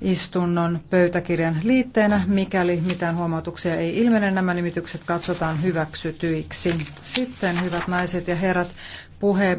istunnon pöytäkirjan liitteenä. Mikäli mitään huomautuksia ei ilmene, nämä nimitykset katsotaan hyväksytyiksi. Sitten, hyvät naiset ja herrat, puhe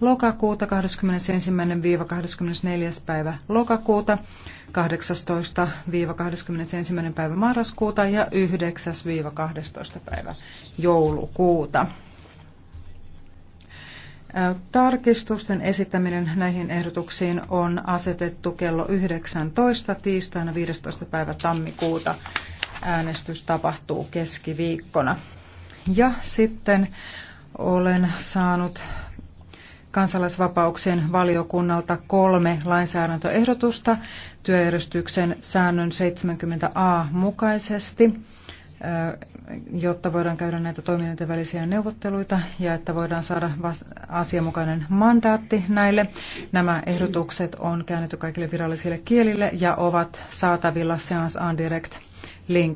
lokakuuta 21-24. päivä lokakuuta, 18-21. päivä marraskuuta ja 9-12. päivä joulukuuta. Tarkistusten esittäminen näihin ehdotuksiin on asetettu kello 19 tiistaina 15. päivä tammikuuta. Äänestys tapahtuu keskiviikkona. Ja sitten olen saanut kansalaisvapauksien valiokunnalta kolme lainsäädäntöehdotusta työjärjestyksen säännön 70a mukaisesti, jotta voidaan käydä näitä toimijoiden välisiä neuvotteluita ja että voidaan saada asianmukainen mandaatti näille. Nämä ehdotukset on käännetty kaikille virallisille kielille ja ovat saatavilla Seance on Direct linkissä.